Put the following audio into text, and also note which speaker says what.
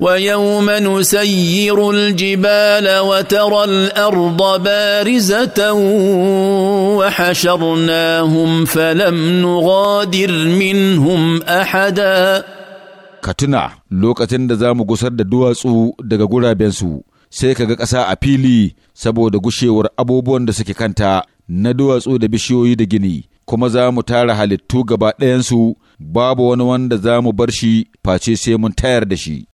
Speaker 1: ويوم نسير الجبال وترى الارض بارزه وحشرناهم فلم نغادر منهم احدا
Speaker 2: ka tuna lokacin da za mu gusar da duwatsu daga gurabensu sai ka ga ƙasa a fili saboda gushewar abubuwan da suke kanta na duwatsu da bishiyoyi da gini kuma za mu tara halittu gaba ɗayansu babu wani wanda za mu bar shi face sai mun tayar da shi